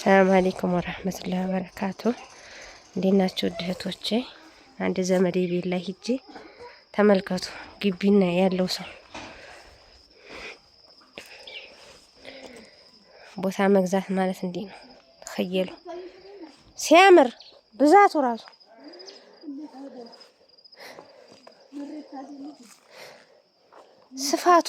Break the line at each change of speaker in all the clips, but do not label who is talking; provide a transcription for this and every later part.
ሰላም አሌይኩም ወረህመቱላህ በረካቱ። እንዴት ናቸው ድህቶቼ? አንድ ዘመዴ ቤት ላይ ሂጄ ተመልከቱ። ግቢና ያለው ሰው ቦታ መግዛት ማለት እንዲህ ነው። ተከየሉ ሲያምር ብዛቱ ራሱ ስፋቱ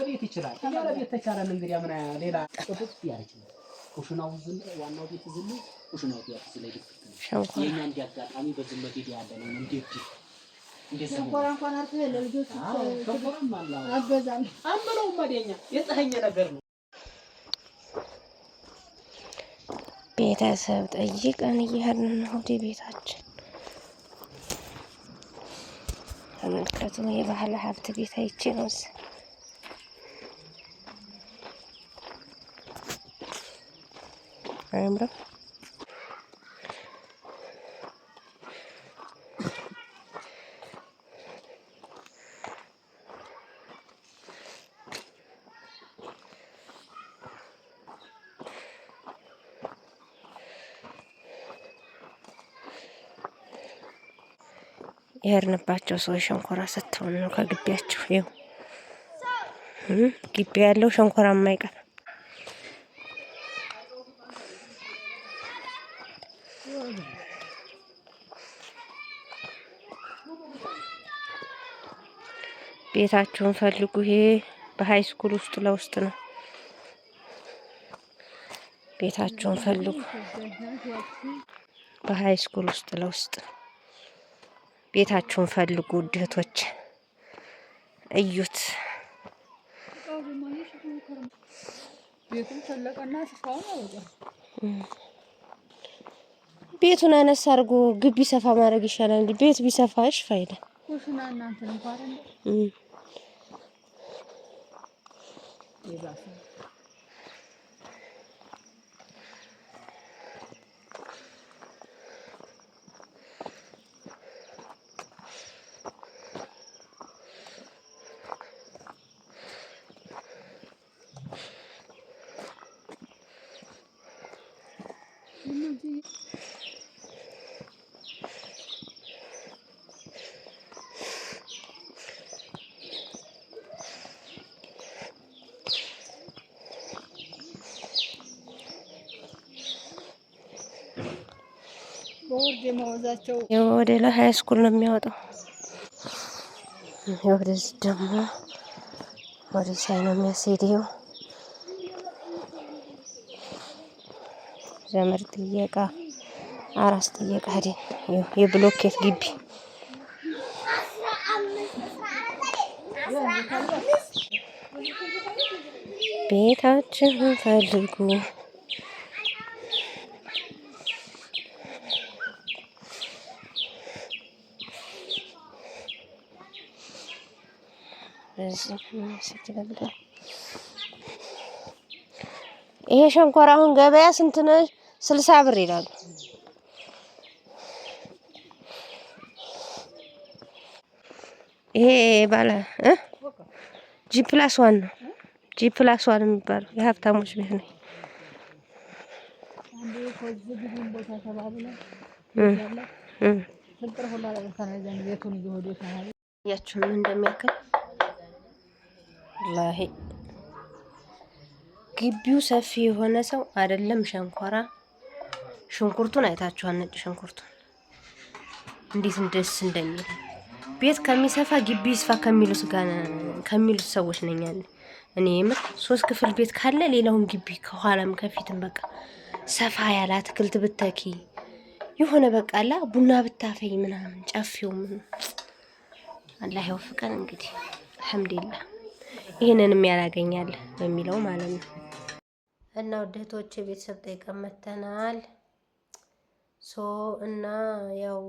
ለቤት ይችላል። ለቤት ተቻለን እንግዲህ ምን ሌላ ጥፍት ኩሽናው ዝም ዋናው ቤት ዝም ኩሽናው ቤት ዝም ላይ ድፍት ነው። የኛ እንዲህ አጋጣሚ በዝም ያለ ነው። እንዴት ሸንኮራ እንኳን ለልጆች አገዛም አምለው መደኛ ነገር ነው። ቤተሰብ ጠይቀን እየሄድን ነው ወደ ቤታችን ተመልከቱ። የባህል ሀብት ቤት አይቼ ነው አያምርም? የሄድንባቸው ሰዎች ሸንኮራ ሰጥተውን ነው ከግቢያቸው። ይኸው ግቢ ያለው ሸንኮራ የማይቀር ቤታችሁን ፈልጉ። ይሄ በሀይ ስኩል ውስጥ ለውስጥ ነው። ቤታችሁን ፈልጉ በሀይ ስኩል ውስጥ ለውስጥ ቤታችሁን ፈልጉ ድህቶች እዩት። ቤቱን አነሳ አድርጎ ግቢ ሰፋ ማድረግ ይሻላል። እንግዲህ ቤት ቢሰፋ እሺ ፋይዳ ወደ ላይ ሀይ ስኩል ነው የሚወጣው። ወደዚህ ደግሞ ወደ ሳይ ነው የሚያስሄደው። ዘመድ ጥየቃ አራስ ጥየቃ ሄድን የብሎኬት ግቢ ቤታችንን ፈልጉ ይሄ ሸንኮራ አሁን ገበያ ስንት ነው? ስልሳ ብር ይላሉ። ይሄ ባለ ጂ ፕላስ ዋን ነው። ጂ ፕላስ ዋን የሚባለው የሀብታሞች ቤት ነው። ያችሁም እንደሚያክል ወላሂ ግቢው ሰፊ የሆነ ሰው አይደለም ሸንኮራ ሽንኩርቱን አይታችኋል። ነጭ ሽንኩርቱን እንዴት ደስ እንደሚል ቤት ከሚሰፋ ግቢ ይስፋ ከሚሉት ጋር ከሚሉት ሰዎች ነኝ ያለ እኔ የምር ሶስት ክፍል ቤት ካለ ሌላውን ግቢ ከኋላም ከፊትም በቃ ሰፋ ያለ አትክልት ብተኪ የሆነ በቃ ቡና ብታፈይ ምናምን ጨፊው ምን አላህ ይወፍቀን። እንግዲህ አልሐምዱሊላህ ይህንንም ያላገኛል በሚለው ማለት ነው እና ወደ እህቶቼ ቤተሰብ ጠይቀን መተናል። ሶ እና ያው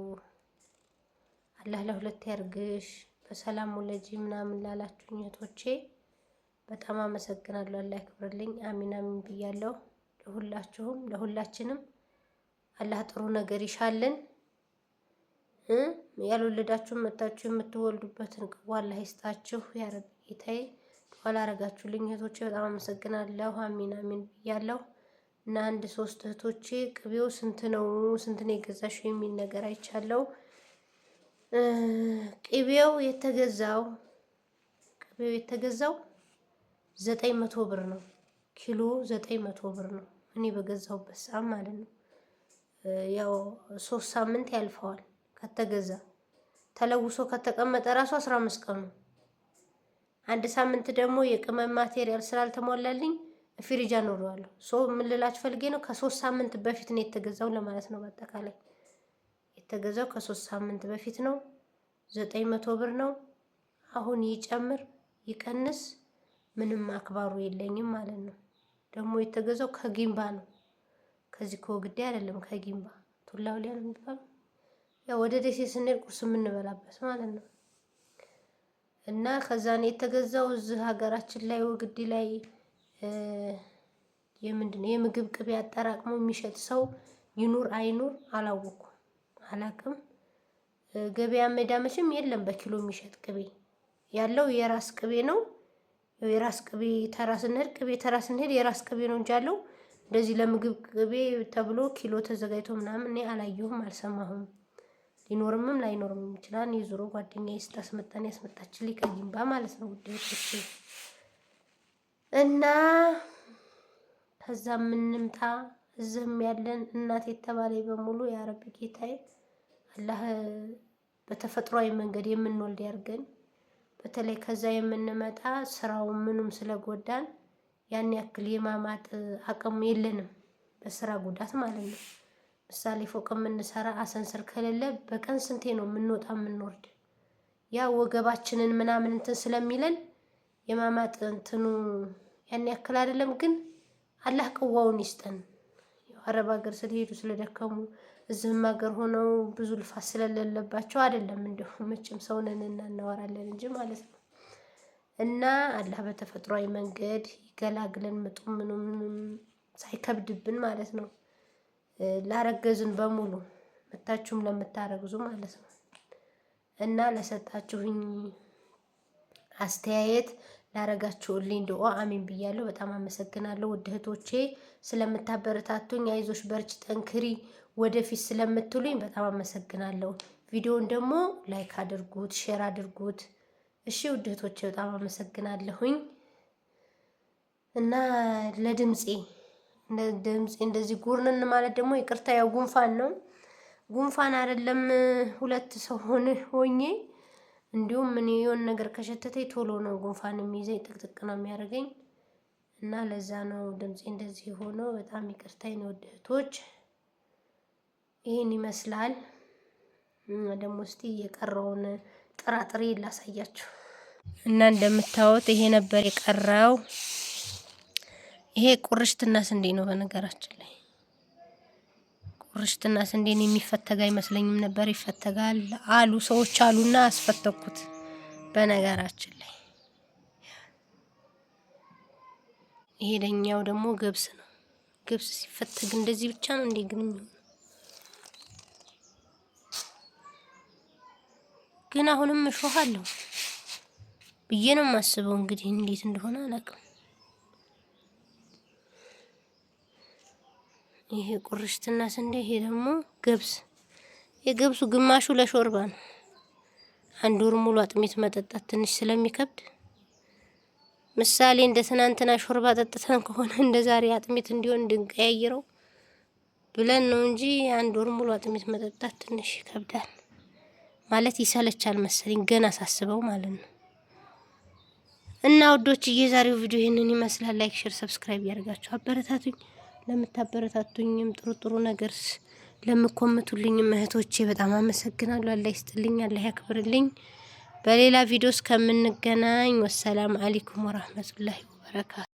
አላህ ለሁለት ያርግሽ በሰላም ወለጂ ምናምን ላላችሁ እህቶቼ በጣም አመሰግናለሁ። አላህ ያክብርልኝ። አሚን አሚን ብያለሁ። ለሁላችሁም ለሁላችንም አላህ ጥሩ ነገር ይሻልን። ያልወለዳችሁም መታችሁ የምትወልዱበትን ቅቡ አላህ ይስጣችሁ። ያረብ ጌታዬ ኋላ አረጋችሁልኝ እህቶቼ በጣም አመሰግናለሁ። አሚን አሚን ብያለሁ። እና አንድ ሶስት እህቶቼ ቅቤው ስንት ነው ስንት ነው የገዛሽው የሚል ነገር አይቻለው። ቅቤው የተገዛው ቅቤው የተገዛው ዘጠኝ መቶ ብር ነው ኪሎ ዘጠኝ መቶ ብር ነው እኔ በገዛሁበት ሰዓት ማለት ነው። ያው ሶስት ሳምንት ያልፈዋል ከተገዛ ተለውሶ ከተቀመጠ ራሱ አስራ አምስት ቀኑ አንድ ሳምንት ደግሞ የቅመም ማቴሪያል ስላልተሞላልኝ ፍሪጅ አኖረዋለሁ። ሶ ምን ልላችሁ ፈልጌ ነው ከሶስት ሳምንት በፊት ነው የተገዛው ለማለት ነው። በአጠቃላይ የተገዛው ከሶስት ሳምንት በፊት ነው። ዘጠኝ መቶ ብር ነው። አሁን ይጨምር ይቀንስ ምንም አክባሩ የለኝም ማለት ነው። ደግሞ የተገዛው ከጊምባ ነው። ከዚህ ከወግዴ አይደለም ከጊምባ ቱላው ላይ ነው የሚባለው። ያው ወደ ደሴ ስንሄድ ቁርስ የምንበላበት ማለት ነው። እና ነው የተገዛው እዚህ ሀገራችን ላይ ወግዴ ላይ የምንድነው የምግብ ቅቤ አጠራቅሞ የሚሸጥ ሰው ይኑር አይኑር አላወኩም አላቅም። ገበያ መዳመችም የለም በኪሎ የሚሸጥ ቅቤ ያለው የራስ ቅቤ ነው። የራስ ቅቤ ተራ ስንሄድ ቅቤ ተራ ስንሄድ የራስ ቅቤ ነው እንጂ ያለው እንደዚህ ለምግብ ቅቤ ተብሎ ኪሎ ተዘጋጅቶ ምናምን እኔ አላየሁም፣ አልሰማሁም። ሊኖርምም ላይኖርም ይችላል። የዙሮ ጓደኛ ስታስመጣን ያስመጣችን ሊቀይምባ ማለት ነው ውዴ እና ከዛ ምንምታ እዘም ያለን እናት የተባለ በሙሉ የአረብ ጌታዬ አላህ በተፈጥሯዊ መንገድ የምንወልድ ያርገን። በተለይ ከዛ የምንመጣ ስራው ምኑም ስለጎዳን ያን ያክል የማማጥ አቅሙ የለንም፣ በስራ ጉዳት ማለት ነው። ምሳሌ ፎቅ የምንሰራ አሰንሰር ከሌለ በቀን ስንቴ ነው የምንወጣ የምንወርድ? ያ ወገባችንን ምናምን እንትን ስለሚለን የማማት እንትኑ ያን ያክል አይደለም። ግን አላህ ቅዋውን ይስጠን። አረብ ሀገር ስለሄዱ ስለደከሙ እዚህም ሀገር ሆነው ብዙ ልፋት ስለሌለባቸው አይደለም። እንዲሁ መቼም ሰውንን እናወራለን እንጂ ማለት ነው። እና አላህ በተፈጥሯዊ መንገድ ይገላግለን፣ ምጡ ምኑም ሳይከብድብን ማለት ነው። ላረገዝን በሙሉ መታችሁም ለምታረግዙ ማለት ነው እና ለሰጣችሁኝ አስተያየት ላረጋችሁልኝ ዱአ አሚን ብያለሁ። በጣም አመሰግናለሁ። ውድ እህቶቼ ስለምታበረታቱኝ፣ አይዞሽ በርች፣ ጠንክሪ ወደፊት ስለምትሉኝ በጣም አመሰግናለሁ። ቪዲዮውን ደግሞ ላይክ አድርጉት፣ ሼር አድርጉት። እሺ ውድ እህቶቼ በጣም አመሰግናለሁኝ እና ለድምፄ ድምፄ እንደዚህ ጉርንን ማለት ደግሞ ይቅርታ ያው ጉንፋን ነው። ጉንፋን አይደለም ሁለት ሰው ሆኜ እንዲሁም ምን የሆን ነገር ከሸተተኝ ቶሎ ነው ጉንፋን የሚይዘኝ፣ ጥቅጥቅ ነው የሚያደርገኝ እና ለዛ ነው ድምፄ እንደዚህ ሆኖ በጣም ይቅርታ የወድ እህቶች። ይህን ይመስላል። ደግሞ እስቲ የቀረውን ጥራጥሬ ላሳያችሁ እና እንደምታዩት ይሄ ነበር የቀረው። ይሄ ቁርሽትና ስንዴ ነው በነገራችን ላይ ርሽትና ስንዴን የሚፈተግ አይመስለኝም ነበር። ይፈተጋል አሉ ሰዎች አሉና አስፈተኩት። በነገራችን ላይ ይሄደኛው ደግሞ ገብስ ነው። ገብስ ሲፈተግ እንደዚህ ብቻ ነው እንዴ? ግን ግን አሁንም እሾህ አለው ብዬ ነው የማስበው። እንግዲህ እንዴት እንደሆነ አላውቅም። ይሄ ቁርሽትና ስንዴ፣ ይሄ ደግሞ ገብስ። የገብሱ ግማሹ ለሾርባ ነው። አንድ ወር ሙሉ አጥሚት መጠጣት ትንሽ ስለሚከብድ ምሳሌ እንደ ትናንትና ሾርባ ጠጥተን ከሆነ እንደ ዛሬ አጥሚት እንዲሆን እንድንቀያይረው ብለን ነው እንጂ አንድ ወር ሙሉ አጥሚት መጠጣት ትንሽ ይከብዳል። ማለት ይሰለቻል መሰለኝ ገና ሳስበው ማለት ነው። እና ውዶች የዛሬው ቪዲዮ ይህንን ይመስላል። ላይክ፣ ሼር፣ ሰብስክራይብ ያደርጋችሁ አበረታቱኝ። ለምታበረታቱኝም ጥሩ ጥሩ ነገር ለምኮምቱልኝም እህቶቼ በጣም አመሰግናለሁ። አላህ ይስጥልኝ፣ አላህ ያክብርልኝ። በሌላ ቪዲዮ እስከምንገናኝ ወሰላም አለይኩም ወራህመቱላሂ ወበረካቱ።